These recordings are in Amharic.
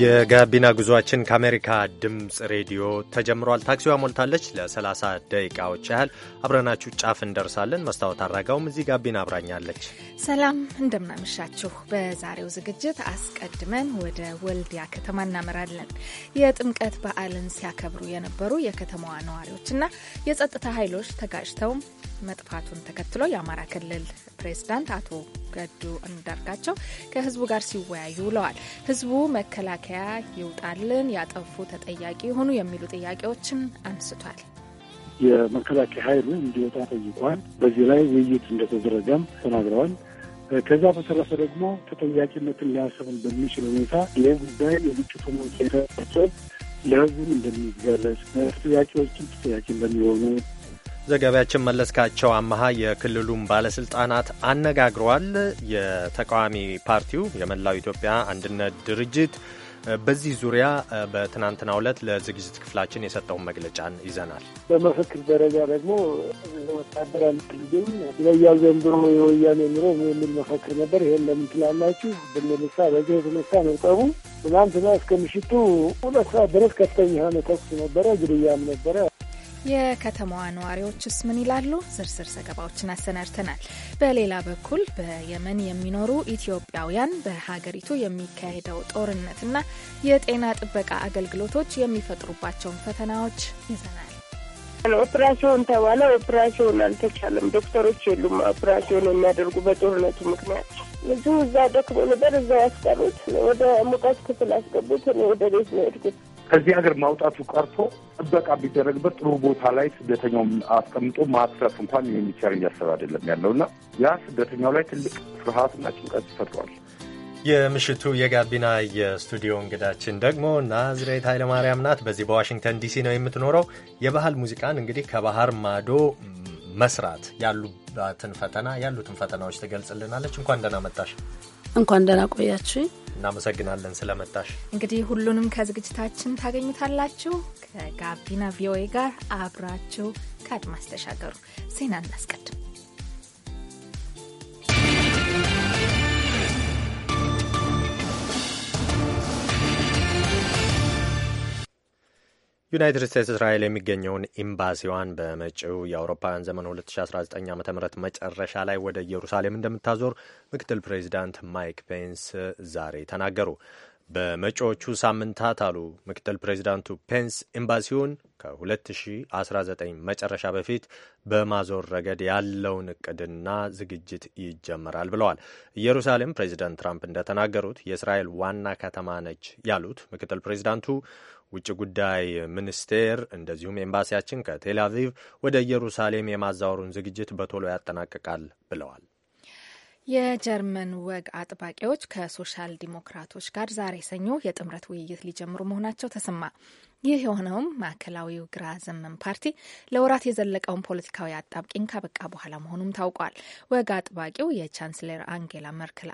የጋቢና ጉዞአችን ከአሜሪካ ድምፅ ሬዲዮ ተጀምሯል። ታክሲዋ ሞልታለች። ለ30 ደቂቃዎች ያህል አብረናችሁ ጫፍ እንደርሳለን። መስታወት አድራጋውም እዚህ ጋቢና አብራኛለች። ሰላም እንደምናመሻችሁ። በዛሬው ዝግጅት አስቀድመን ወደ ወልዲያ ከተማ እናመራለን። የጥምቀት በዓልን ሲያከብሩ የነበሩ የከተማዋ ነዋሪዎችና የጸጥታ ኃይሎች ተጋጭተውም መጥፋቱን ተከትሎ የአማራ ክልል ፕሬዝዳንት አቶ ገዱ አንዳርጋቸው ከህዝቡ ጋር ሲወያዩ ውለዋል። ህዝቡ መከላከያ ይውጣልን፣ ያጠፉ ተጠያቂ የሆኑ የሚሉ ጥያቄዎችን አንስቷል። የመከላከያ ኃይሉ እንዲወጣ ጠይቋል። በዚህ ላይ ውይይት እንደተደረገም ተናግረዋል። ከዛ በተረፈ ደግሞ ተጠያቂነትን ሊያሰብን በሚችል ሁኔታ ይህ ጉዳይ የግጭቱ መንስኤ ለህዝቡ እንደሚገለጽ ተጠያቂዎችን ተጠያቂ እንደሚሆኑ ዘጋቢያችን መለስካቸው አመሃ የክልሉን ባለስልጣናት አነጋግሯል። የተቃዋሚ ፓርቲው የመላው ኢትዮጵያ አንድነት ድርጅት በዚህ ዙሪያ በትናንትና ዕለት ለዝግጅት ክፍላችን የሰጠውን መግለጫን ይዘናል። በምክክር ደረጃ ደግሞ ወታደር አንልግኝ ለያው ዘንድሮ የወያኔ ኑሮ የሚል መፈክር ነበር። ይሄን ለምን ትላላችሁ? ብንልሳ በዚህ የተነሳ ነው ጠቡ። ትናንትና እስከ ምሽቱ ሁለት ሰዓት ድረስ ከፍተኛ የሆነ ተኩስ ነበረ፣ ግድያም ነበረ። የከተማዋ ነዋሪዎችስ ምን ይላሉ? ዝርዝር ዘገባዎችን አሰናድተናል። በሌላ በኩል በየመን የሚኖሩ ኢትዮጵያውያን በሀገሪቱ የሚካሄደው ጦርነትና የጤና ጥበቃ አገልግሎቶች የሚፈጥሩባቸውን ፈተናዎች ይዘናል። ኦፕራሲዮን ተባለ። ኦፕራሲዮን አልተቻለም። ዶክተሮች የሉም ኦፕራሲዮን የሚያደርጉ በጦርነቱ ምክንያት ብዙ እዛ ደክሞ ነበር። እዛ ያስቀሩት ወደ ሙቀት ክፍል አስገቡት። ወደ ቤት ነው የሄድኩት ከዚህ ሀገር ማውጣቱ ቀርቶ ጥበቃ ቢደረግበት ጥሩ ቦታ ላይ ስደተኛውን አስቀምጦ ማትረፍ እንኳን የሚቻል እያሰብ አይደለም እና ያ ስደተኛው ላይ ትልቅ ፍርሃትና ጭንቀት ይፈጥሯል። የምሽቱ የጋቢና የስቱዲዮ እንግዳችን ደግሞ ናዝሬት ኃይለማርያም ናት። በዚህ በዋሽንግተን ዲሲ ነው የምትኖረው። የባህል ሙዚቃን እንግዲህ ከባህር ማዶ መስራት ያሉባትን ፈተና ያሉትን ፈተናዎች ትገልጽልናለች። እንኳን ደህና መጣሽ። እንኳን ደህና ቆያችሁ። እናመሰግናለን ስለመጣሽ። እንግዲህ ሁሉንም ከዝግጅታችን ታገኙታላችሁ። ከጋቢና ቪኦኤ ጋር አብራችሁ ከአድማስ ተሻገሩ። ዜና እናስቀድም። ዩናይትድ ስቴትስ እስራኤል የሚገኘውን ኤምባሲዋን በመጪው የአውሮፓውያን ዘመን 2019 ዓ ም መጨረሻ ላይ ወደ ኢየሩሳሌም እንደምታዞር ምክትል ፕሬዚዳንት ማይክ ፔንስ ዛሬ ተናገሩ። በመጪዎቹ ሳምንታት አሉ ምክትል ፕሬዚዳንቱ ፔንስ ኤምባሲውን ከ2019 መጨረሻ በፊት በማዞር ረገድ ያለውን እቅድና ዝግጅት ይጀመራል ብለዋል። ኢየሩሳሌም ፕሬዚዳንት ትራምፕ እንደተናገሩት የእስራኤል ዋና ከተማ ነች ያሉት ምክትል ፕሬዚዳንቱ ውጭ ጉዳይ ሚኒስቴር እንደዚሁም ኤምባሲያችን ከቴል አቪቭ ወደ ኢየሩሳሌም የማዛወሩን ዝግጅት በቶሎ ያጠናቅቃል ብለዋል። የጀርመን ወግ አጥባቂዎች ከሶሻል ዲሞክራቶች ጋር ዛሬ ሰኞ የጥምረት ውይይት ሊጀምሩ መሆናቸው ተሰማ። ይህ የሆነውም ማዕከላዊው ግራ ዘመን ፓርቲ ለወራት የዘለቀውን ፖለቲካዊ አጣብቂኝ ካበቃ በኋላ መሆኑም ታውቋል። ወግ አጥባቂው የቻንስለር አንጌላ መርክል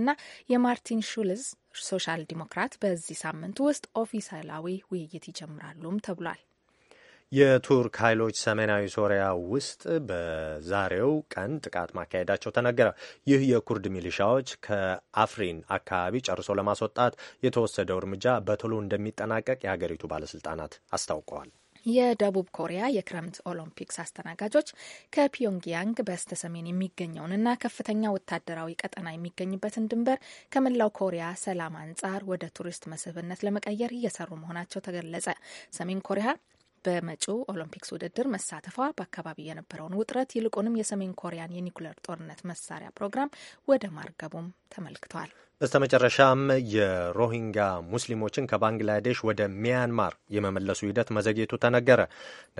እና የማርቲን ሹልዝ ሶሻል ዲሞክራት በዚህ ሳምንት ውስጥ ኦፊሳላዊ ውይይት ይጀምራሉም ተብሏል። የቱርክ ኃይሎች ሰሜናዊ ሶሪያ ውስጥ በዛሬው ቀን ጥቃት ማካሄዳቸው ተነገረ። ይህ የኩርድ ሚሊሻዎች ከአፍሪን አካባቢ ጨርሶ ለማስወጣት የተወሰደው እርምጃ በቶሎ እንደሚጠናቀቅ የሀገሪቱ ባለስልጣናት አስታውቀዋል። የደቡብ ኮሪያ የክረምት ኦሎምፒክስ አስተናጋጆች ከፒዮንግያንግ በስተ ሰሜን የሚገኘውንና ከፍተኛ ወታደራዊ ቀጠና የሚገኝበትን ድንበር ከመላው ኮሪያ ሰላም አንጻር ወደ ቱሪስት መስህብነት ለመቀየር እየሰሩ መሆናቸው ተገለጸ። ሰሜን ኮሪያ በመጪው ኦሎምፒክስ ውድድር መሳተፏ በአካባቢ የነበረውን ውጥረት ይልቁንም የሰሜን ኮሪያን የኒኩሌር ጦርነት መሳሪያ ፕሮግራም ወደ ማርገቡም ተመልክቷል። በስተመጨረሻም የሮሂንጋ ሙስሊሞችን ከባንግላዴሽ ወደ ሚያንማር የመመለሱ ሂደት መዘግየቱ ተነገረ።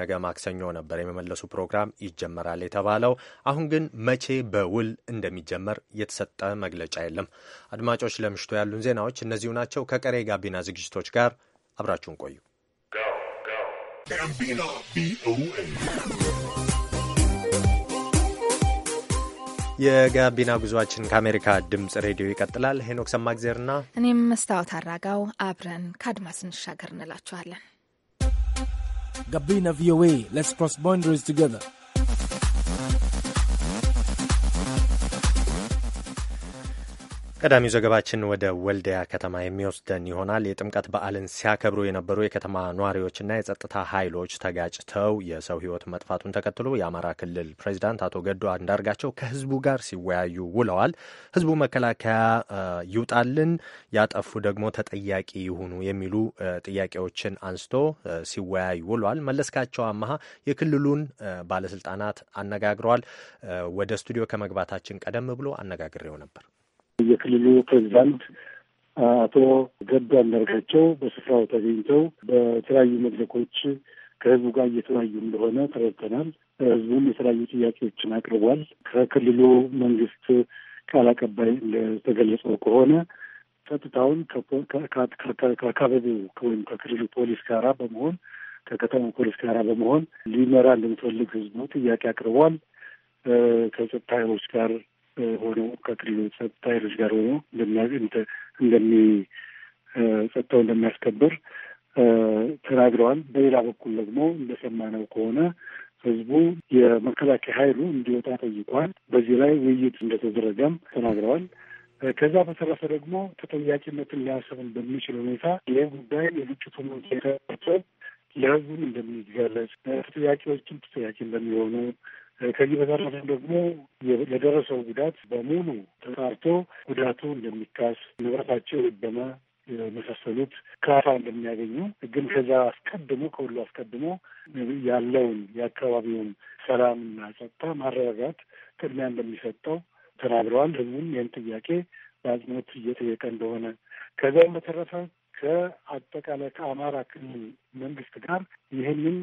ነገ ማክሰኞ ነበር የመመለሱ ፕሮግራም ይጀመራል የተባለው። አሁን ግን መቼ በውል እንደሚጀመር የተሰጠ መግለጫ የለም። አድማጮች፣ ለምሽቱ ያሉን ዜናዎች እነዚሁ ናቸው። ከቀሬ ጋቢና ዝግጅቶች ጋር አብራችሁን ቆዩ። የጋቢና ጉዟችን ከአሜሪካ ድምፅ ሬዲዮ ይቀጥላል። ሄኖክ ሰማግዜርና እኔም መስታወት አራጋው አብረን ከአድማስ እንሻገር እንላችኋለን። ጋቢና ቪኦኤ ስ ፕሮስ ባውንደሪስ ቱገር ቀዳሚው ዘገባችን ወደ ወልዲያ ከተማ የሚወስደን ይሆናል። የጥምቀት በዓልን ሲያከብሩ የነበሩ የከተማ ነዋሪዎችና የጸጥታ ኃይሎች ተጋጭተው የሰው ሕይወት መጥፋቱን ተከትሎ የአማራ ክልል ፕሬዚዳንት አቶ ገዱ አንዳርጋቸው ከህዝቡ ጋር ሲወያዩ ውለዋል። ህዝቡ መከላከያ ይውጣልን፣ ያጠፉ ደግሞ ተጠያቂ ይሁኑ የሚሉ ጥያቄዎችን አንስቶ ሲወያዩ ውለዋል። መለስካቸው አመሃ የክልሉን ባለስልጣናት አነጋግረዋል። ወደ ስቱዲዮ ከመግባታችን ቀደም ብሎ አነጋግሬው ነበር። የክልሉ ፕሬዚዳንት አቶ ገዱ አንዳርጋቸው በስፍራው ተገኝተው በተለያዩ መድረኮች ከህዝቡ ጋር እየተወያዩ እንደሆነ ተረድተናል። ህዝቡም የተለያዩ ጥያቄዎችን አቅርቧል። ከክልሉ መንግስት ቃል አቀባይ እንደተገለጸው ከሆነ ጸጥታውን ከአካባቢው ወይም ከክልሉ ፖሊስ ጋር በመሆን ከከተማ ፖሊስ ጋር በመሆን ሊመራ እንደሚፈልግ ህዝቡ ጥያቄ አቅርቧል። ከጸጥታ ኃይሎች ጋር ሆኖ ከክልሉ ጸጥታ ኃይሎች ጋር ሆኖ እንደሚ ጸጥታው እንደሚያስከብር ተናግረዋል። በሌላ በኩል ደግሞ እንደሰማነው ከሆነ ህዝቡ የመከላከያ ኃይሉ እንዲወጣ ጠይቋል። በዚህ ላይ ውይይት እንደተደረገም ተናግረዋል። ከዛ በተረፈ ደግሞ ተጠያቂነትን ሊያሰብን በሚችል ሁኔታ ይህ ጉዳይ የግጭቱ መንስኤ ለህዝቡም እንደሚገለጽ ተጠያቂዎችም ተጠያቂ እንደሚሆኑ ከዚህ በተረፈ ደግሞ ለደረሰው ጉዳት በሙሉ ተጣርቶ ጉዳቱ እንደሚካስ ንብረታቸው ይበማ የመሳሰሉት ካሳ እንደሚያገኙ ግን ከዛ አስቀድሞ ከሁሉ አስቀድሞ ያለውን የአካባቢውን ሰላምና ጸጥታ ማረጋጋት ቅድሚያ እንደሚሰጠው ተናግረዋል። ህዝቡም ይህን ጥያቄ በአጽንኦት እየጠየቀ እንደሆነ ከዚያም በተረፈ ከአጠቃላይ ከአማራ ክልል መንግስት ጋር ይህንን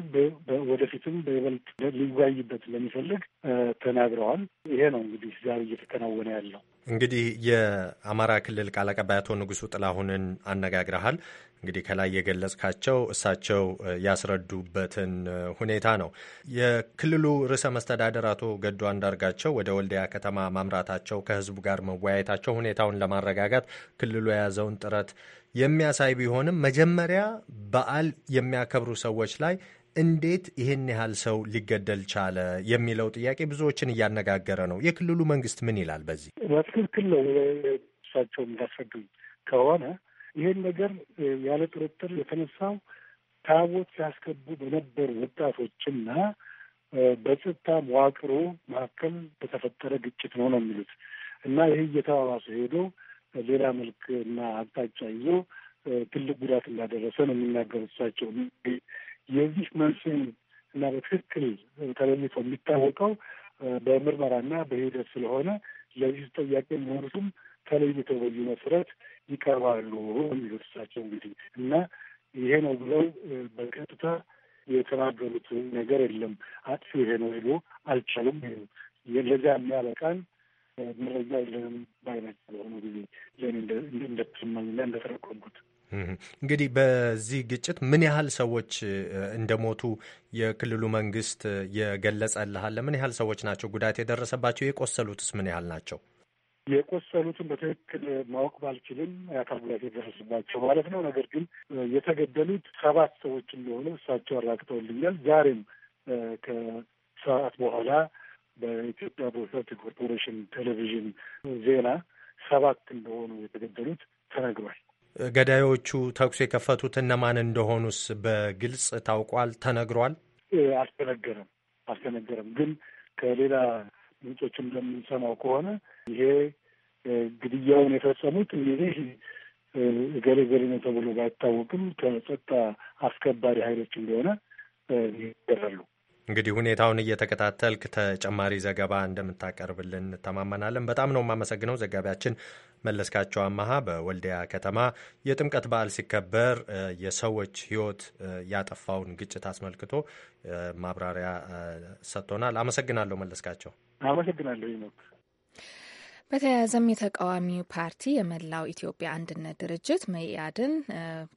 ወደፊትም በይበልጥ ሊወያይበት እንደሚፈልግ ተናግረዋል። ይሄ ነው እንግዲህ ዛሬ እየተከናወነ ያለው። እንግዲህ የአማራ ክልል ቃል አቀባይ አቶ ንጉሱ ጥላሁንን አነጋግረሃል። እንግዲህ ከላይ የገለጽካቸው እሳቸው ያስረዱበትን ሁኔታ ነው። የክልሉ ርዕሰ መስተዳደር አቶ ገዱ አንዳርጋቸው ወደ ወልዲያ ከተማ ማምራታቸው፣ ከህዝቡ ጋር መወያየታቸው ሁኔታውን ለማረጋጋት ክልሉ የያዘውን ጥረት የሚያሳይ ቢሆንም መጀመሪያ በዓል የሚያከብሩ ሰዎች ላይ እንዴት ይህን ያህል ሰው ሊገደል ቻለ የሚለው ጥያቄ ብዙዎችን እያነጋገረ ነው። የክልሉ መንግስት ምን ይላል? በዚህ በትክክል ነው። እሳቸው እንዳስረዱኝ ከሆነ ይህን ነገር ያለ ጥርጥር የተነሳው ታቦት ሲያስገቡ በነበሩ ወጣቶችና በጸጥታ መዋቅሩ መካከል በተፈጠረ ግጭት ነው ነው የሚሉት እና ይህ እየተባባሰ ሄዶ ሌላ መልክ እና አቅጣጫ ይዞ ትልቅ ጉዳት እንዳደረሰ ነው የሚናገሩት እሳቸው የዚህ መንስኤ እና በትክክል ተለይቶ የሚታወቀው በምርመራና በሂደት ስለሆነ ለዚህ ተጠያቂ የሚሆኑትም ተለይቶ በዚህ መሰረት ይቀርባሉ የሚሉት እሳቸው እንግዲህ እና ይሄ ነው ብለው በቀጥታ የተናገሩት ነገር የለም። አጥፊ ይሄ ነው ሄዶ አልቻሉም። ለዚያ የሚያበቃን መረጃ የለንም ባይናቸው በሆኑ ጊዜ ለእኔ እንደተሰማኝና እንደተረቆምኩት እንግዲህ በዚህ ግጭት ምን ያህል ሰዎች እንደሞቱ የክልሉ መንግስት የገለጸልሃል? ምን ያህል ሰዎች ናቸው ጉዳት የደረሰባቸው? የቆሰሉትስ ምን ያህል ናቸው? የቆሰሉትን በትክክል ማወቅ ባልችልም የአካል ጉዳት የደረሰባቸው ማለት ነው። ነገር ግን የተገደሉት ሰባት ሰዎች እንደሆነ እሳቸው አራግጠውልኛል። ዛሬም ከሰዓት በኋላ በኢትዮጵያ ብሮድካስቲንግ ኮርፖሬሽን ቴሌቪዥን ዜና ሰባት እንደሆኑ የተገደሉት ተነግሯል። ገዳዮቹ ተኩስ የከፈቱት እነማን እንደሆኑስ በግልጽ ታውቋል፣ ተነግሯል? አልተነገረም አልተነገረም። ግን ከሌላ ምንጮች እንደምንሰማው ከሆነ ይሄ ግድያውን የፈጸሙት እንግዲህ እገሌ እገሌ ነው ተብሎ ባይታወቅም ከጸጥታ አስከባሪ ኃይሎች እንደሆነ ይገራሉ። እንግዲህ ሁኔታውን እየተከታተልክ ተጨማሪ ዘገባ እንደምታቀርብልን እንተማመናለን። በጣም ነው የማመሰግነው ዘጋቢያችን መለስካቸው አማሃ በወልዲያ ከተማ የጥምቀት በዓል ሲከበር የሰዎች ሕይወት ያጠፋውን ግጭት አስመልክቶ ማብራሪያ ሰጥቶናል። አመሰግናለሁ መለስካቸው። አመሰግናለሁ ይሞክ በተያያዘም የተቃዋሚው ፓርቲ የመላው ኢትዮጵያ አንድነት ድርጅት መኢአድን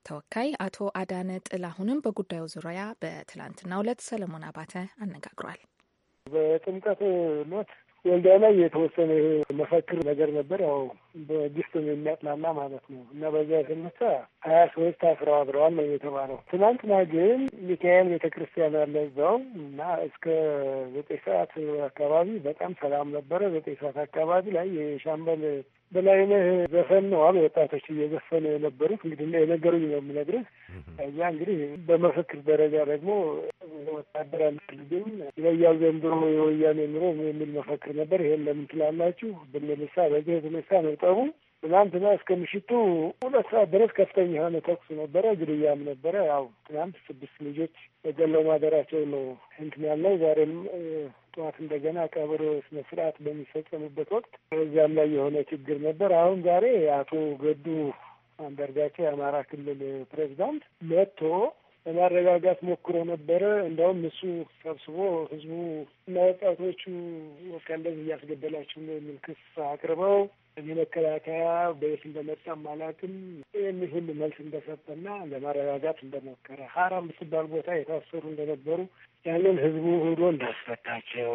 ተወካይ አቶ አዳነ ጥላሁንም በጉዳዩ ዙሪያ በትላንትናው ዕለት ሰለሞን አባተ አነጋግሯል። በጥምቀት ሞት ወልዲያ ላይ የተወሰነ መፈክር ነገር ነበር። ያው በዲስቶም የሚያጥናና ማለት ነው እና በዚያ የተነሳ ሀያ ሶስት አስረው አብረዋል ነው የተባለው። ትናንትና ግን ሚካኤል ቤተ ክርስቲያን ያለ እዛው እና እስከ ዘጠኝ ሰዓት አካባቢ በጣም ሰላም ነበረ። ዘጠኝ ሰዓት አካባቢ ላይ የሻምበል በላይነህ ዘፈን ነዋል ወጣቶች እየዘፈኑ የነበሩት እንግዲህ የነገሩኝ ነው የምነግርህ። እዚያ እንግዲህ በመፈክር ደረጃ ደግሞ ወታደር አልፈልግም፣ ይበያው ዘንድሮ የወያኔ ኑሮ የሚል መፈክር ነበር። ይሄን ለምን ትላላችሁ ብንልሳ በዚህ የተነሳ ነጠቡ ትናንትና እስከ ምሽቱ ሁለት ሰዓት ድረስ ከፍተኛ የሆነ ተኩስ ነበረ፣ ግድያም ነበረ። ያው ትናንት ስድስት ልጆች በገለው ማደራቸው ነው እንትን ያለው ዛሬም ጠዋት እንደገና ቀብር ስነ ስርዓት በሚፈጸምበት ወቅት እዚያም ላይ የሆነ ችግር ነበር። አሁን ዛሬ አቶ ገዱ አንዳርጋቸው የአማራ ክልል ፕሬዚዳንት መጥቶ ለማረጋጋት ሞክሮ ነበረ። እንደውም እሱ ሰብስቦ ህዝቡ እና ወጣቶቹ በቃ እንደዚህ እያስገደላችሁ ነው የሚል ክስ አቅርበው እኔ መከላከያ በየት እንደመጣ አላውቅም የሚል ሁሉ መልስ እንደሰጠና ለማረጋጋት እንደሞከረ ሀራ የምትባል ቦታ የታሰሩ እንደነበሩ ያንን ህዝቡ ሁሉ እንዳስፈታቸው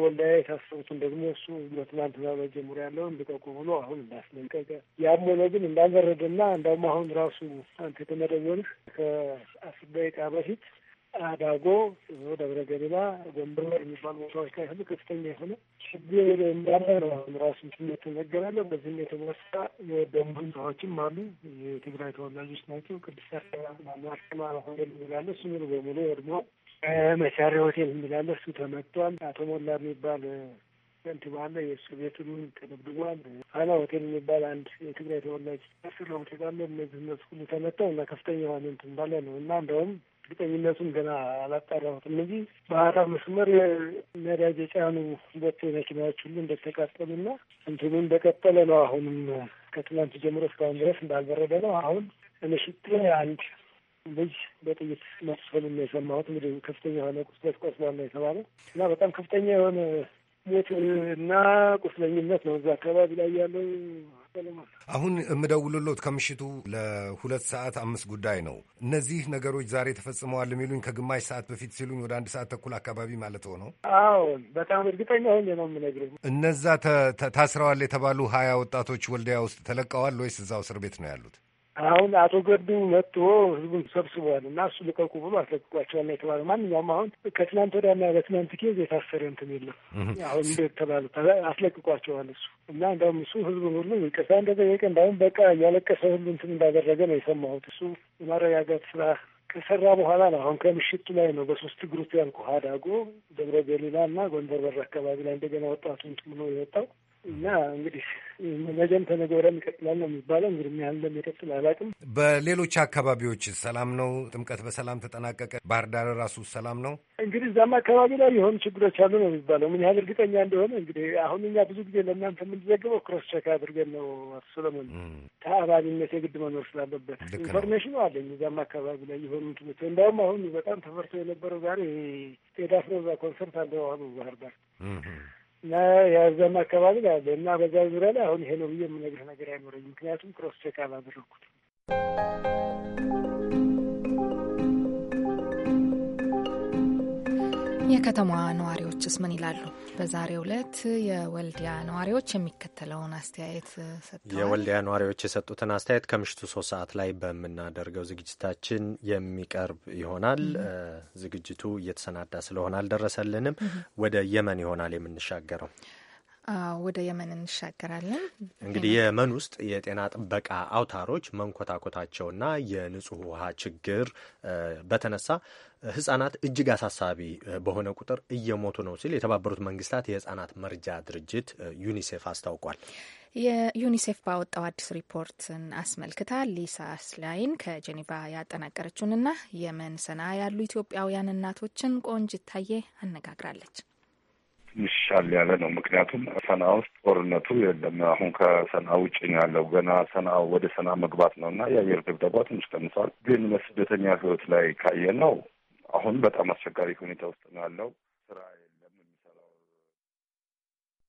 ወልዳ የታሰሩትን ደግሞ እሱ በትናንትና ጀምሮ ያለውን ልቀቁ ብሎ አሁን እንዳስለቀቀ ያም ሆነ ግን እንዳልበረደና እንዳውም አሁን ራሱ አንተ የተመደወልህ ከአስር ደቂቃ በፊት አዳጎ ደብረ ገሊላ፣ ጎንደር የሚባሉ ቦታዎች ላይ ሁሉ ከፍተኛ የሆነ ችግር እንዳለ ነው። አሁን ራሱ ስሜት ተነገራለሁ። በዚህም የተነሳ የደሙ ህንፃዎችም አሉ። የትግራይ ተወላጆች ናቸው። ቅድስት ማማርቀማ ሆነ ይላለ እሱ ሙሉ በሙሉ ወድሞ መቻሪ ሆቴል የሚላለ እሱ ተመቷል። አቶ ሞላ የሚባል ከንቲባ አለ የእሱ ቤቱን ተደብድቧል። ሀና ሆቴል የሚባል አንድ የትግራይ ተወላጅ ስለ ሆቴል አለ። እነዚህ እነሱ ሁሉ ተመተው እና ከፍተኛ የሆነ እንትን ባለ ነው እና እንደውም እርግጠኝነቱን ገና አላጣራሁትም እንጂ ባህራ መስመር ነዳጅ የጫኑ ሁለት መኪናዎች ሁሉ እንደተቃጠሉ እንደተቃጠሉና እንትኑ እንደቀጠለ ነው። አሁንም ከትናንት ጀምሮ እስካሁን ድረስ እንዳልበረደ ነው። አሁን ምሽት አንድ ልጅ በጥይት መሰሉን የሰማሁት እንግዲህ ከፍተኛ የሆነ ቁስለት ቆስሏል ነው የተባለው እና በጣም ከፍተኛ የሆነ ሞት እና ቁስለኝነት ነው እዛ አካባቢ ላይ ያለው። አሁን የምደውልሎት ከምሽቱ ለሁለት ሰዓት አምስት ጉዳይ ነው። እነዚህ ነገሮች ዛሬ ተፈጽመዋል የሚሉኝ ከግማሽ ሰዓት በፊት ሲሉኝ ወደ አንድ ሰዓት ተኩል አካባቢ ማለት ሆነው። አዎን፣ በጣም እርግጠኛ ሆኜ ነው የምነግርህ። እነዛ ታስረዋል የተባሉ ሀያ ወጣቶች ወልዲያ ውስጥ ተለቀዋል ወይስ እዛው እስር ቤት ነው ያሉት? አሁን አቶ ገዱ መጥቶ ህዝቡን ሰብስቧል እና እሱ ልቀቁ ብሎ አስለቅቋቸዋል ነው የተባለው። ማንኛውም አሁን ከትናንት ወዲያና በትናንት ኬዝ የታሰረ እንትን የለም። አሁን እንደተባለ አስለቅቋቸዋል እሱ እና እንደውም እሱ ህዝቡን ሁሉ ይቅርታ እንደጠየቀ እንዳሁም በቃ እያለቀሰ ሁሉ እንትን እንዳደረገ ነው የሰማሁት። እሱ የማረጋጋት ስራ ከሰራ በኋላ ነው። አሁን ከምሽቱ ላይ ነው በሶስት ግሩፕ ያልኩ ሀዳጎ፣ ደብረ ገሊላ እና ጎንደር በር አካባቢ ላይ እንደገና ወጣቱ እንትን ብሎ የወጣው እና እንግዲህ ነገም ተነገ ወዲያም ይቀጥላል ነው የሚባለው። እንግዲህ ምን ያህል እንደሚቀጥል አላውቅም። በሌሎች አካባቢዎች ሰላም ነው? ጥምቀት በሰላም ተጠናቀቀ? ባህር ዳር ራሱ ሰላም ነው? እንግዲህ እዛም አካባቢ ላይ የሆኑ ችግሮች አሉ ነው የሚባለው። ምን ያህል እርግጠኛ እንደሆነ እንግዲህ አሁን እኛ ብዙ ጊዜ ለእናንተ የምንዘግበው ክሮስ ቼክ አድርገን ነው። አቶ ሰለሞን ተአማኒነት የግድ መኖር ስላለበት ኢንፎርሜሽኑ አለኝ። እዛም አካባቢ ላይ የሆኑ ትምህርት እንዲያውም አሁን በጣም ተፈርቶ የነበረው ዛሬ ቴዲ አፍሮ እዛ ኮንሰርት አለው ባህር ዳር የዘም አካባቢ አለ እና በዛ ዙሪያ ላይ አሁን ይሄ ነው ብዬ የምነግርህ ነገር አይኖረኝ፣ ምክንያቱም ክሮስ ቼክ አላደረኩት። የከተማዋ ነዋሪዎችስ ምን ይላሉ? በዛሬው ዕለት የወልዲያ ነዋሪዎች የሚከተለውን አስተያየት ሰጥተዋል። የወልዲያ ነዋሪዎች የሰጡትን አስተያየት ከምሽቱ ሶስት ሰዓት ላይ በምናደርገው ዝግጅታችን የሚቀርብ ይሆናል። ዝግጅቱ እየተሰናዳ ስለሆነ አልደረሰልንም። ወደ የመን ይሆናል የምንሻገረው። ወደ የመን እንሻገራለን። እንግዲህ የመን ውስጥ የጤና ጥበቃ አውታሮች መንኮታኮታቸውና የንጹህ ውሃ ችግር በተነሳ ህጻናት እጅግ አሳሳቢ በሆነ ቁጥር እየሞቱ ነው ሲል የተባበሩት መንግስታት የህጻናት መርጃ ድርጅት ዩኒሴፍ አስታውቋል። የዩኒሴፍ ባወጣው አዲስ ሪፖርትን አስመልክታ ሊሳ ስላይን ከጄኔቫ ያጠናቀረችውንና የመን ሰና ያሉ ኢትዮጵያውያን እናቶችን ቆንጅታዬ አነጋግራለች። ይሻል ያለ ነው። ምክንያቱም ሰና ውስጥ ጦርነቱ የለም። አሁን ከሰና ውጭ ነው ያለው። ገና ሰና ወደ ሰና መግባት ነው እና የአየር ድብደባ ትንሽ ቀንሷል። ግን በስደተኛ ህይወት ላይ ካየ ነው አሁን በጣም አስቸጋሪ ሁኔታ ውስጥ ነው ያለው።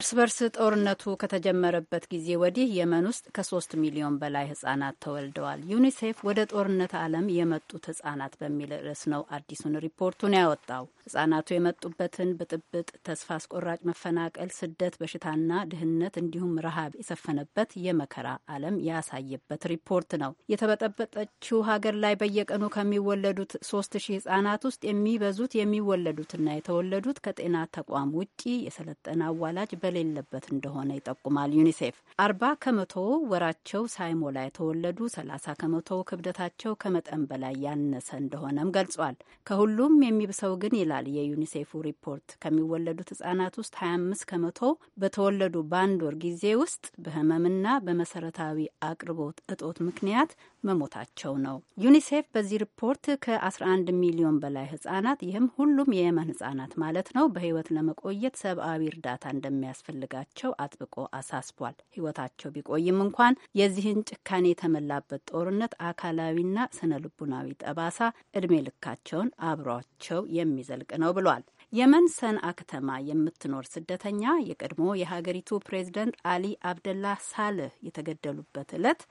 እርስ በርስ ጦርነቱ ከተጀመረበት ጊዜ ወዲህ የመን ውስጥ ከሶስት ሚሊዮን በላይ ህጻናት ተወልደዋል። ዩኒሴፍ ወደ ጦርነት ዓለም የመጡት ህጻናት በሚል ርዕስ ነው አዲሱን ሪፖርቱን ያወጣው። ህጻናቱ የመጡበትን ብጥብጥ፣ ተስፋ አስቆራጭ መፈናቀል፣ ስደት፣ በሽታና ድህነት እንዲሁም ረሃብ የሰፈነበት የመከራ ዓለም ያሳየበት ሪፖርት ነው። የተበጠበጠችው ሀገር ላይ በየቀኑ ከሚወለዱት ሶስት ሺህ ህጻናት ውስጥ የሚበዙት የሚወለዱትና የተወለዱት ከጤና ተቋም ውጪ የሰለጠነ አዋላጅ በ የሌለበት እንደሆነ ይጠቁማል ዩኒሴፍ። አርባ ከመቶ ወራቸው ሳይሞላ የተወለዱ፣ ሰላሳ ከመቶ ክብደታቸው ከመጠን በላይ ያነሰ እንደሆነም ገልጿል። ከሁሉም የሚብሰው ግን ይላል የዩኒሴፉ ሪፖርት ከሚወለዱት ህጻናት ውስጥ 25 ከመቶ በተወለዱ በአንድ ወር ጊዜ ውስጥ በህመምና በመሰረታዊ አቅርቦት እጦት ምክንያት መሞታቸው ነው። ዩኒሴፍ በዚህ ሪፖርት ከ11 ሚሊዮን በላይ ህጻናት ይህም ሁሉም የየመን ህጻናት ማለት ነው በህይወት ለመቆየት ሰብአዊ እርዳታ እንደሚያስፈልጋቸው አጥብቆ አሳስቧል። ህይወታቸው ቢቆይም እንኳን የዚህን ጭካኔ የተመላበት ጦርነት አካላዊና ስነ ልቡናዊ ጠባሳ እድሜ ልካቸውን አብሯቸው የሚዘልቅ ነው ብሏል። የመን ሰንአ ከተማ የምትኖር ስደተኛ የቀድሞ የሀገሪቱ ፕሬዝደንት አሊ አብደላህ ሳልህ የተገደሉበት ዕለት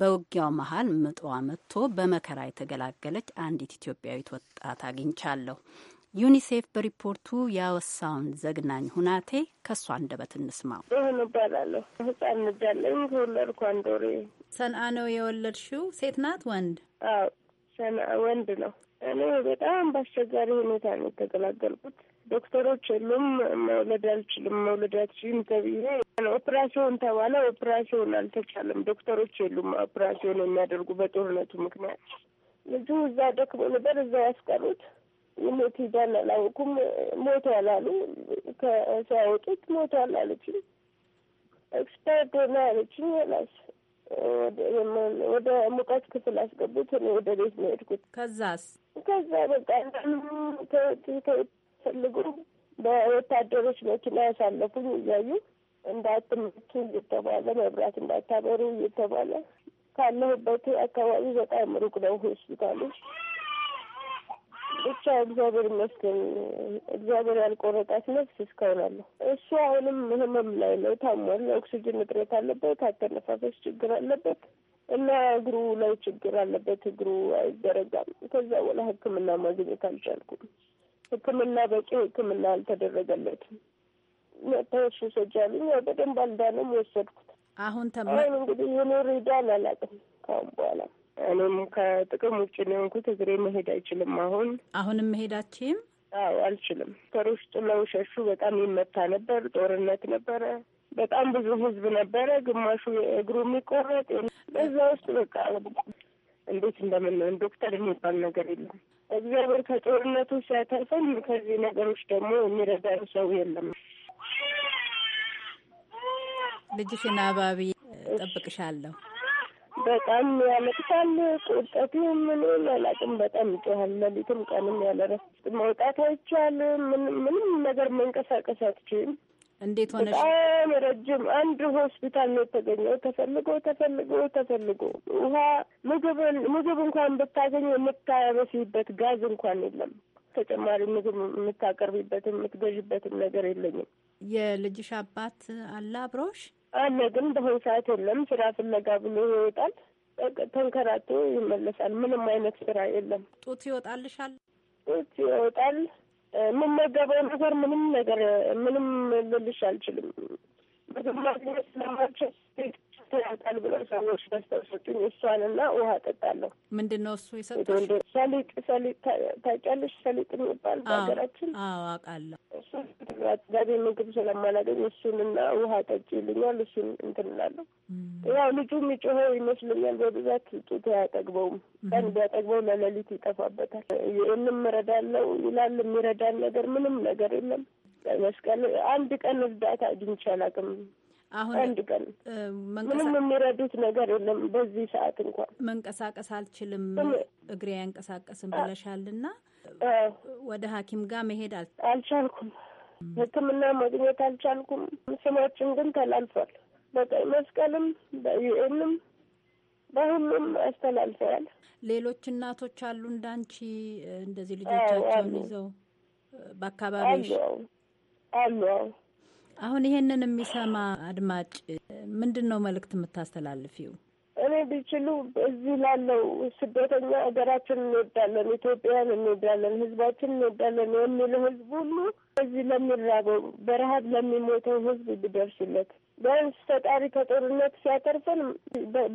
በውጊያው መሀል ምጧ መጥቶ በመከራ የተገላገለች አንዲት ኢትዮጵያዊት ወጣት አግኝቻለሁ። ዩኒሴፍ በሪፖርቱ ያወሳውን ዘግናኝ ሁናቴ ከእሷ አንደበት እንስማው። ሆን እባላለሁ። ህጻን ልጅ ከወለድኩ አንድ ወሬ። ሰንአ ነው የወለድሽው? ሴት ናት ወንድ? አዎ ሰንአ ወንድ ነው። እኔ በጣም በአስቸጋሪ ሁኔታ ነው የተገላገልኩት። ዶክተሮች የሉም፣ መውለድ አልችልም፣ መውለድ አልችልም ተብዬ ኦፕራሲዮን ተባለ። ኦፕራሲዮን አልተቻለም፣ ዶክተሮች የሉም ኦፕራሲዮን የሚያደርጉ በጦርነቱ ምክንያት። ልጁ እዛ ደክሞ ነበር፣ እዛ ያስቀሩት። ይሞት ሄዳን አላወኩም። ሞት ያላሉ ከሲያወጡት ሞት አለችኝ። ኤክስፐርት ሆነ ያለችኝ ላስ ወደ ሙቀት ክፍል አስገቡት። ወደ ቤት ነው የሄድኩት። ከዛስ ከዛ በቃ ፈልጉ በወታደሮች መኪና ያሳለፉኝ እያዩ እንዳትመቱ እየተባለ መብራት እንዳታበሩ እየተባለ ካለሁበት አካባቢ በጣም ሩቅ ነው ሆስፒታሉ። ብቻ እግዚአብሔር ይመስገን እግዚአብሔር ያልቆረጣት ነፍስ እስካሁን አለ። እሱ አሁንም ህመም ላይ ነው፣ ታሟል። ኦክሲጅን እጥረት አለበት፣ አተነፋፈስ ችግር አለበት እና እግሩ ላይ ችግር አለበት። እግሩ አይዘረጋም። ከዛ በኋላ ሕክምና ማግኘት አልቻልኩም። ሕክምና በቂ ሕክምና አልተደረገለትም። ተወሱ ጃሉኝ ያው በደንብ አልዳነም። ወሰድኩት። አሁን ተማ እንግዲህ ይኑር ይዳን አላውቅም። ካሁን በኋላ እኔም ከጥቅም ውጭ ነው የሆንኩት። እግሬ መሄድ አይችልም። አሁን አሁንም መሄድ አትችይም? አዎ አልችልም። ከሮች ጥለው ሸሹ። በጣም ይመታ ነበር። ጦርነት ነበረ። በጣም ብዙ ህዝብ ነበረ። ግማሹ እግሩ የሚቆረጥ በዛ ውስጥ በቃ እንዴት እንደምንሆን ዶክተር የሚባል ነገር የለም። እግዚአብሔር ከጦርነቱ ሲያተርፈን ከዚህ ነገሮች ደግሞ የሚረዳን ሰው የለም። ልጅሽን አባቢ ጠብቅሻለሁ። በጣም ያለቅሳል። ቁጠቱ ምን አላውቅም። በጣም ይጮሃል። ሌሊትም ቀንም ያለ እረፍት መውጣት አይቻልም። ምንም ነገር መንቀሳቀስ አትችልም። እንዴት ሆነ? በጣም ረጅም አንድ ሆስፒታል ነው የተገኘው። ተፈልጎ ተፈልጎ ተፈልጎ ውሃ ምግብ ምግብ እንኳን ብታገኝ የምታበስይበት ጋዝ እንኳን የለም። ተጨማሪ ምግብ የምታቀርብበት የምትገዥበትም ነገር የለኝም። የልጅሽ አባት አለ አብሮሽ? አለ ግን በአሁኑ ሰዓት የለም። ስራ ፍለጋ ብሎ ይወጣል። ተንከራቶ ይመለሳል። ምንም አይነት ስራ የለም። ጡት ይወጣልሻል። ጡት ይወጣል። የምመገበው ነገር ምንም ነገር ምንም ልልሽ አልችልም። ምግብ ማግኘት ለማቸው ገዝቶ ያምጣል ብለው ሰዎች ገዝተው ሰጡኝ። እሷን እሷንና ውሃ ጠጣለሁ። ምንድን ነው እሱ የሰጡሽ? ሰሊጥ ሰሊጥ ታውቂያለሽ? ሰሊጥ የሚባል በሀገራችን አውቃለሁ። እሱ ገቢ ምግብ ስለማናገኝ እሱንና ውሃ ጠጭ ይልኛል። እሱን እንትን እላለሁ። ያው ልጁ የሚጮኸው ይመስለኛል በብዛት ጡት አያጠግበውም። ቀን ቢያጠግበው ለሌሊት ይጠፋበታል። ይህንም እንምረዳለው ይላል። የሚረዳን ነገር ምንም ነገር የለም። መስቀል አንድ ቀን እርዳታ አግኝቼ አላውቅም። አሁን አንድ ቀን ምንም የሚረዱት ነገር የለም። በዚህ ሰዓት እንኳን መንቀሳቀስ አልችልም፣ እግሬ አያንቀሳቀስም ብለሻልና ወደ ሐኪም ጋር መሄድ አልቻልኩም፣ ሕክምና ማግኘት አልቻልኩም። ስማችን ግን ተላልፏል። በቀይ መስቀልም በዩኤንም በሁሉም አስተላልፈዋል። ሌሎች እናቶች አሉ እንዳንቺ እንደዚህ ልጆቻቸውን ይዘው አሉ አሉ? አሁን ይሄንን የሚሰማ አድማጭ ምንድን ነው መልእክት የምታስተላልፊው? እኔ ቢችሉ እዚህ ላለው ስደተኛ ሀገራችን እንወዳለን፣ ኢትዮጵያን እንወዳለን፣ ህዝባችን እንወዳለን የሚለው ህዝብ ሁሉ እዚህ ለሚራበው በረሀብ ለሚሞተው ህዝብ ቢደርስለት ቢያንስ ፈጣሪ ከጦርነት ሲያተርፈን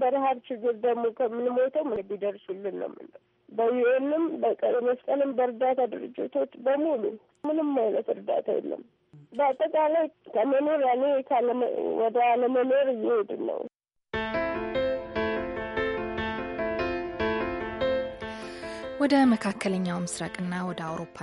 በረሀብ ችግር ደግሞ ከምንሞተው ቢደርሱልን ነው የምንለው። በዩኤንም በቀይ መስቀልም በእርዳታ ድርጅቶች በሙሉ ምንም አይነት እርዳታ የለም። በአጠቃላይ ከመኖር ያለ ወደ አለመኖር እየሄድ ነው። ወደ መካከለኛው ምስራቅና ወደ አውሮፓ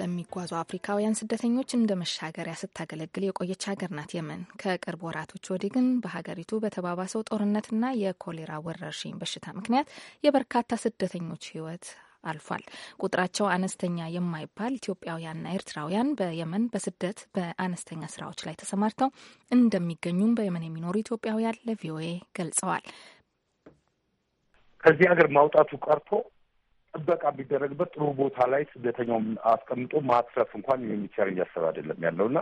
ለሚጓዙ አፍሪካውያን ስደተኞች እንደ መሻገሪያ ስታገለግል የቆየች ሀገር ናት የመን። ከቅርብ ወራቶች ወዲህ ግን በሀገሪቱ በተባባሰው ጦርነትና የኮሌራ ወረርሽኝ በሽታ ምክንያት የበርካታ ስደተኞች ሕይወት አልፏል። ቁጥራቸው አነስተኛ የማይባል ኢትዮጵያውያንና ኤርትራውያን በየመን በስደት በአነስተኛ ስራዎች ላይ ተሰማርተው እንደሚገኙም በየመን የሚኖሩ ኢትዮጵያውያን ለቪኦኤ ገልጸዋል። ከዚህ ሀገር ማውጣቱ ቀርቶ ጥበቃ የሚደረግበት ጥሩ ቦታ ላይ ስደተኛውም አስቀምጦ ማትረፍ እንኳን የሚቻል እያሰብ አይደለም ያለውና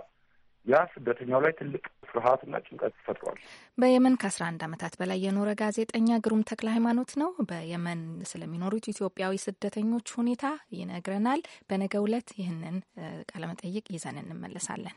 ያ ስደተኛው ላይ ትልቅ ፍርሃትና ጭንቀት ፈጥሯል። በየመን ከአስራ አንድ ዓመታት በላይ የኖረ ጋዜጠኛ ግሩም ተክለ ሃይማኖት ነው። በየመን ስለሚኖሩት ኢትዮጵያዊ ስደተኞች ሁኔታ ይነግረናል። በነገ ዕለት ይህንን ቃለመጠይቅ ይዘን እንመለሳለን።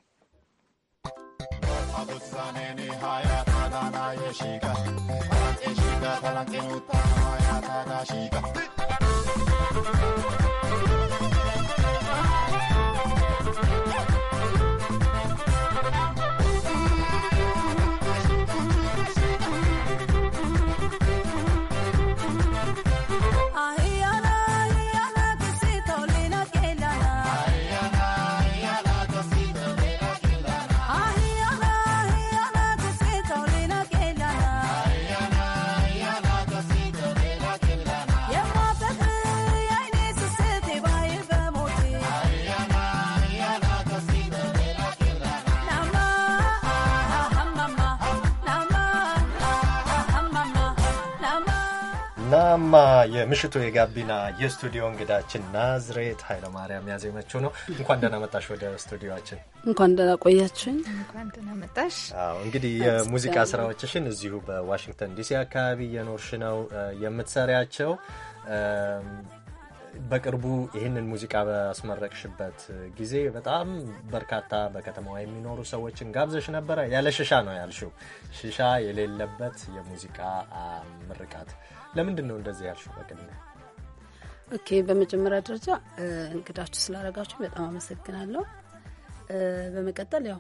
የምሽቱ የጋቢና የስቱዲዮ እንግዳችን ናዝሬት ኃይለማርያም ያዜመችው ነው። እንኳን ደህና መጣሽ ወደ ስቱዲዮችን። እንኳን ደህና ቆያችን። እንኳን ደህና መጣሽ። እንግዲህ የሙዚቃ ስራዎችሽን እዚሁ በዋሽንግተን ዲሲ አካባቢ የኖርሽ ነው የምትሰሪያቸው። በቅርቡ ይህንን ሙዚቃ ባስመረቅሽበት ጊዜ በጣም በርካታ በከተማዋ የሚኖሩ ሰዎችን ጋብዘሽ ነበረ። ያለ ሽሻ ነው ያልሽው። ሽሻ የሌለበት የሙዚቃ ምርቃት ለምንድን ነው እንደዚህ ያልሽው? በቅድሚያ ኦኬ፣ በመጀመሪያ ደረጃ እንግዳችሁ ስላደረጋችሁ በጣም አመሰግናለሁ። በመቀጠል ያው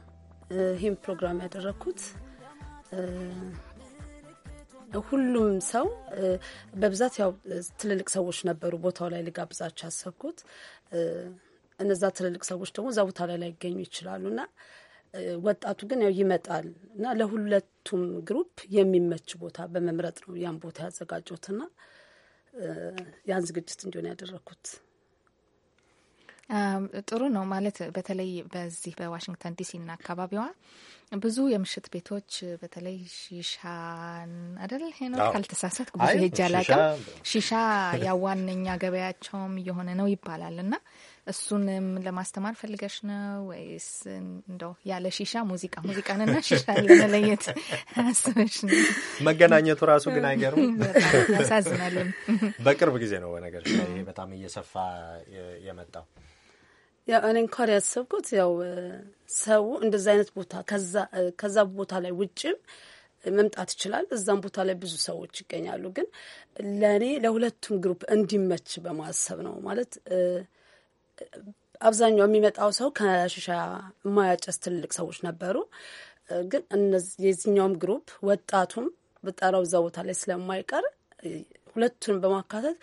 ይህም ፕሮግራም ያደረግኩት ሁሉም ሰው በብዛት ያው ትልልቅ ሰዎች ነበሩ ቦታው ላይ ልጋብዛቸው ያሰብኩት። እነዛ ትልልቅ ሰዎች ደግሞ እዛ ቦታ ላይ ላይገኙ ይችላሉ እና ወጣቱ ግን ያው ይመጣል እና ለሁለቱም ግሩፕ የሚመች ቦታ በመምረጥ ነው ያን ቦታ ያዘጋጀሁትና ያን ዝግጅት እንዲሆን ያደረግኩት። ጥሩ ነው ማለት በተለይ በዚህ በዋሽንግተን ዲሲ ዲሲና አካባቢዋ ብዙ የምሽት ቤቶች በተለይ ሺሻን አደል ሄኖ ካልተሳሳት ብዙ ሄጅ አላቅም። ሺሻ ያዋነኛ ገበያቸውም እየሆነ ነው ይባላል እና እሱንም ለማስተማር ፈልገሽ ነው ወይስ እንደው ያለ ሺሻ ሙዚቃ ሙዚቃንና ሺሻ ለመለየት አስበሽ ነው? መገናኘቱ ራሱ ግን አይገርም ያሳዝናልም። በቅርብ ጊዜ ነው ነገር በጣም እየሰፋ የመጣው እኔ እንኳን ያሰብኩት ያው ሰው እንደዚ አይነት ቦታ ከዛ ቦታ ላይ ውጭም መምጣት ይችላል። እዛም ቦታ ላይ ብዙ ሰዎች ይገኛሉ። ግን ለእኔ ለሁለቱም ግሩፕ እንዲመች በማሰብ ነው ማለት አብዛኛው የሚመጣው ሰው ከሽሻ የማያጨስ ትልቅ ሰዎች ነበሩ። ግን የዚህኛውም ግሩፕ ወጣቱም በጠራው እዛ ቦታ ላይ ስለማይቀር ሁለቱን በማካተት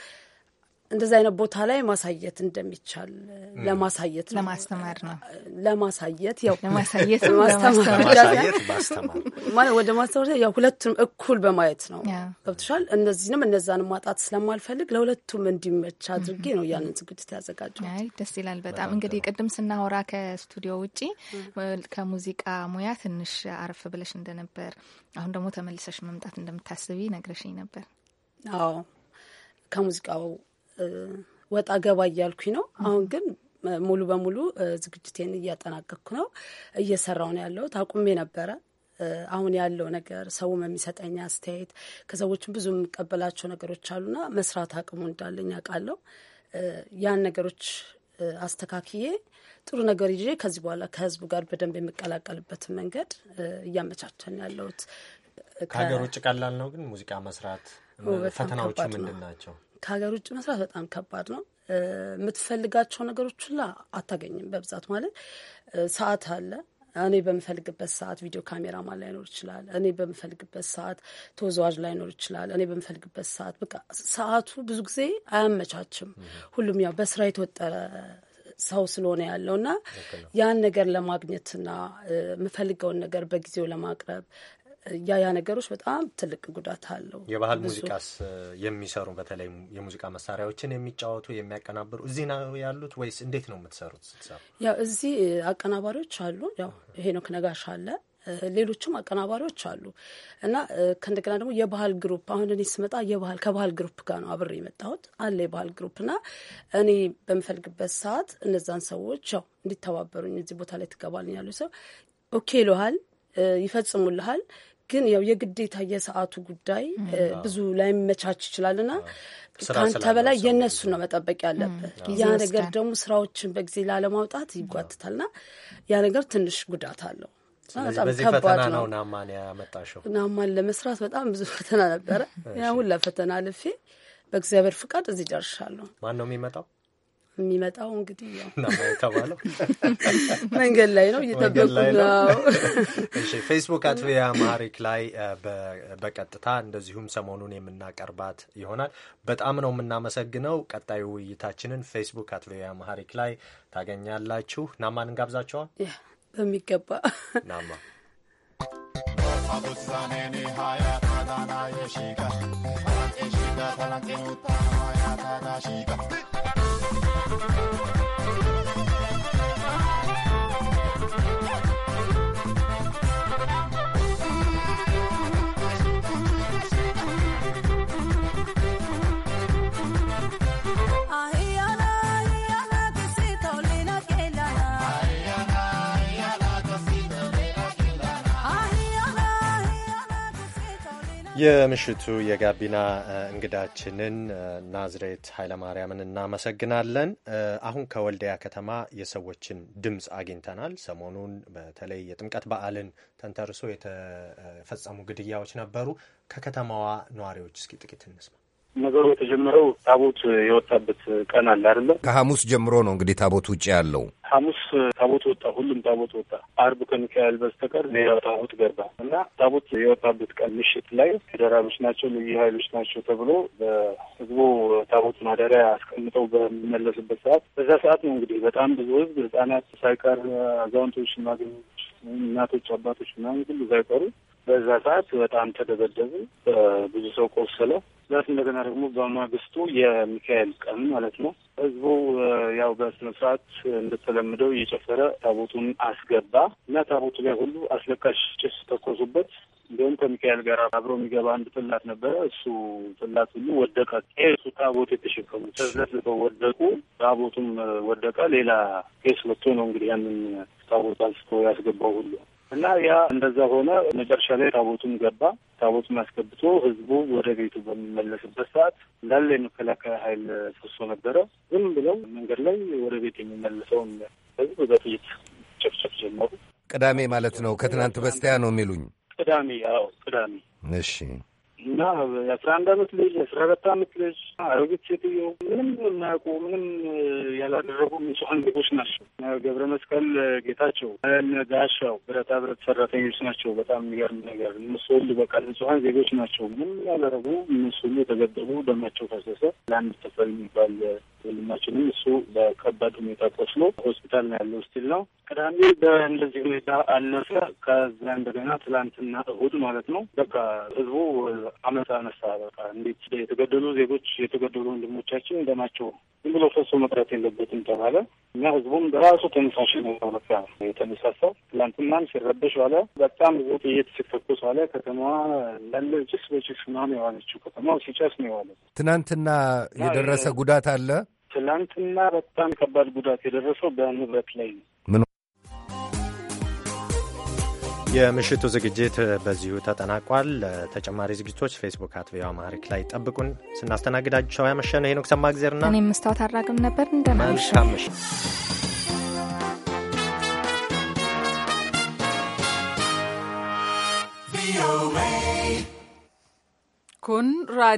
እንደዚህ አይነት ቦታ ላይ ማሳየት እንደሚቻል ለማሳየት ለማስተማር ነው። ለማሳየት ያው ለማሳየት ማስተማር ወደ ማስተማር ያው ሁለቱንም እኩል በማየት ነው። ገብቶሻል። እነዚህንም እነዛንም ማጣት ስለማልፈልግ ለሁለቱም እንዲመች አድርጌ ነው ያንን ዝግጅት አይ ደስ ይላል በጣም እንግዲህ ቅድም ስናወራ ከስቱዲዮ ውጪ ከሙዚቃ ሙያ ትንሽ አረፍ ብለሽ እንደነበር አሁን ደግሞ ተመልሰሽ መምጣት እንደምታስቢ ነግረሽኝ ነበር። አዎ ከሙዚቃው ወጣ ገባ እያልኩኝ ነው። አሁን ግን ሙሉ በሙሉ ዝግጅቴን እያጠናቀቅኩ ነው። እየሰራው ነው ያለሁት። አቁሜ ነበረ። አሁን ያለው ነገር ሰውም የሚሰጠኝ አስተያየት ከሰዎችም ብዙ የምቀበላቸው ነገሮች አሉና መስራት አቅሙ እንዳለኝ አውቃለሁ። ያን ነገሮች አስተካክዬ ጥሩ ነገር ይዤ ከዚህ በኋላ ከህዝቡ ጋር በደንብ የምቀላቀልበትን መንገድ እያመቻቸን ያለሁት። ከሀገር ውጭ ቀላል ነው፣ ግን ሙዚቃ መስራት ፈተናዎቹ ምንድን ናቸው? ከሀገር ውጭ መስራት በጣም ከባድ ነው። የምትፈልጋቸው ነገሮች ሁላ አታገኝም። በብዛት ማለት ሰዓት አለ እኔ በምፈልግበት ሰዓት ቪዲዮ ካሜራማን ላይኖር ይችላል። እኔ በምፈልግበት ሰዓት ተወዛዋዥ ላይኖር ይችላል። እኔ በምፈልግበት ሰዓት በቃ ሰዓቱ ብዙ ጊዜ አያመቻችም። ሁሉም ያው በስራ የተወጠረ ሰው ስለሆነ ያለው እና ያን ነገር ለማግኘትና የምፈልገውን ነገር በጊዜው ለማቅረብ ያ ያ ነገሮች በጣም ትልቅ ጉዳት አለው። የባህል ሙዚቃስ የሚሰሩ በተለይ የሙዚቃ መሳሪያዎችን የሚጫወቱ የሚያቀናብሩ እዚህ ነው ያሉት ወይስ እንዴት ነው የምትሰሩት? ስትሰሩ ያው እዚህ አቀናባሪዎች አሉ። ያው ሄኖክ ነጋሽ አለ ሌሎችም አቀናባሪዎች አሉ እና ከእንደገና ደግሞ የባህል ግሩፕ አሁን እኔ ስመጣ የባህል ከባህል ግሩፕ ጋር ነው አብሬ የመጣሁት አለ የባህል ግሩፕ እና እኔ በምፈልግበት ሰዓት እነዛን ሰዎች ያው እንዲተባበሩኝ እዚህ ቦታ ላይ ትገባልኝ ያሉ ሰው ኦኬ ይልሃል፣ ይፈጽሙልሃል ግን ያው የግዴታ የሰዓቱ ጉዳይ ብዙ ላይመቻች ይችላል እና ከአንተ በላይ የእነሱን ነው መጠበቅ ያለብህ። ያ ነገር ደግሞ ስራዎችን በጊዜ ላለማውጣት ይጓትታል እና ያ ነገር ትንሽ ጉዳት አለው። በዚህ ፈተና ነው ናማን ያመጣሽው? ናማን ለመስራት በጣም ብዙ ፈተና ነበረ። ያ ሁላ ፈተና አልፌ በእግዚአብሔር ፍቃድ እዚህ ደርሻለሁ። ማን ነው የሚመጣው? የሚመጣው እንግዲህ የተባለው መንገድ ላይ ነው። እየጠበቁ ነው። ፌስቡክ አት ቪኦኤ አማሪክ ላይ በቀጥታ እንደዚሁም ሰሞኑን የምናቀርባት ይሆናል። በጣም ነው የምናመሰግነው። ቀጣዩ ውይይታችንን ፌስቡክ አት ቪኦኤ አማሪክ ላይ ታገኛላችሁ። ናማን እንጋብዛቸዋል በሚገባ ናማ We'll be right back. የምሽቱ የጋቢና እንግዳችንን ናዝሬት ኃይለማርያምን እናመሰግናለን። አሁን ከወልዲያ ከተማ የሰዎችን ድምፅ አግኝተናል። ሰሞኑን በተለይ የጥምቀት በዓልን ተንተርሶ የተፈጸሙ ግድያዎች ነበሩ። ከከተማዋ ነዋሪዎች እስኪ ጥቂት እንስማ። ነገሩ የተጀመረው ታቦት የወጣበት ቀን አለ አይደለም? ከሐሙስ ጀምሮ ነው እንግዲህ ታቦት ውጭ ያለው። ሐሙስ ታቦት ወጣ፣ ሁሉም ታቦት ወጣ። አርብ ከሚካኤል በስተቀር ሌላው ታቦት ገባ እና ታቦት የወጣበት ቀን ምሽት ላይ ፌደራሎች ናቸው ልዩ ኃይሎች ናቸው ተብሎ በህዝቡ ታቦት ማደሪያ አስቀምጠው በሚመለስበት ሰዓት በዛ ሰዓት ነው እንግዲህ በጣም ብዙ ህዝብ ህጻናት ሳይቀር አዛውንቶች፣ ሽማግሌዎች፣ እናቶች፣ አባቶች ምናምን ሁሉ ሳይቀሩ በዛ ሰዓት በጣም ተደበደቡ። ብዙ ሰው ቆሰለ። ዛት እንደገና ደግሞ በማግስቱ የሚካኤል ቀን ማለት ነው ህዝቡ ያው በስነ ስርዓት እንደተለምደው እየጨፈረ ታቦቱን አስገባ እና ታቦቱ ላይ ሁሉ አስለቃሽ ጭስ ተኮሱበት። እንዲሁም ከሚካኤል ጋር አብሮ የሚገባ አንድ ጥላት ነበረ። እሱ ጥላት ሁሉ ወደቀ። ቄሱ ታቦት የተሸከሙ ተዝለፍልፈው ወደቁ። ታቦቱም ወደቀ። ሌላ ቄስ መጥቶ ነው እንግዲህ ያንን ታቦት አንስቶ ያስገባው ሁሉ እና ያ እንደዛ ሆነ። መጨረሻ ላይ ታቦቱን ገባ። ታቦቱን አስገብቶ ህዝቡ ወደ ቤቱ በሚመለስበት ሰዓት እንዳለ የመከላከያ ኃይል ፈሶ ነበረ። ዝም ብለው መንገድ ላይ ወደ ቤት የሚመልሰውን ህዝብ በጥይት ጨፍጨፍ ጀመሩ። ቅዳሜ ማለት ነው። ከትናንት በስቲያ ነው የሚሉኝ። ቅዳሜ? አዎ ቅዳሜ። እሺ እና የአስራ አንድ አመት ልጅ የአስራ አራት አመት ልጅ አሮጊት ሴትዮ ምንም የማያውቁ ምንም ያላደረጉ ንጹሐን ዜጎች ናቸው። ገብረ መስቀል ጌታቸው፣ ጋሻው ብረታ ብረት ሰራተኞች ናቸው። በጣም የሚገርም ነገር እነሱ ሁሉ በቃ ንጹሐን ዜጎች ናቸው። ምንም ያላደረጉ እነሱ ሁሉ የተገደቡ ደማቸው ፈሰሰ። ለአንድ ተፈሪ የሚባል ወልማችን በከባድ ሁኔታ ቆስሎ ሆስፒታል ነው ያለው ስቲል ነው። ቅዳሜ በእንደዚህ ሁኔታ አለፈ። ከዚያ እንደገና ትላንትና እሁድ ማለት ነው በቃ ህዝቡ አመት አነሳ። በቃ እንዴት የተገደሉ ዜጎች የተገደሉ ወንድሞቻችን ደማቸው ዝም ብሎ ፈሶ መቅረት የለበትም ተባለ እና ህዝቡም በራሱ ተነሳሽ ነው በቃ የተነሳሳው። ትላንትናም ሲረበሽ ዋለ። በጣም ብዙ ጥይት ሲተኮስ ዋለ። ከተማዋ ለለ ጭስ በጭስ ምናምን የዋለችው ከተማው ሲጨስ ነው የዋለ። ትናንትና የደረሰ ጉዳት አለ ትላንትና በጣም ከባድ ጉዳት የደረሰው በንብረት ላይ ነው። የምሽቱ ዝግጅት በዚሁ ተጠናቋል። ለተጨማሪ ዝግጅቶች ፌስቡክ አት ቪኦኤ አማሪክ ላይ ጠብቁን። ስናስተናግዳቸው ያመሸነው ሄኖክ ሰማእግዜርና እኔም መስታወት አድራግም ነበር እንደናምሽ ኩን radio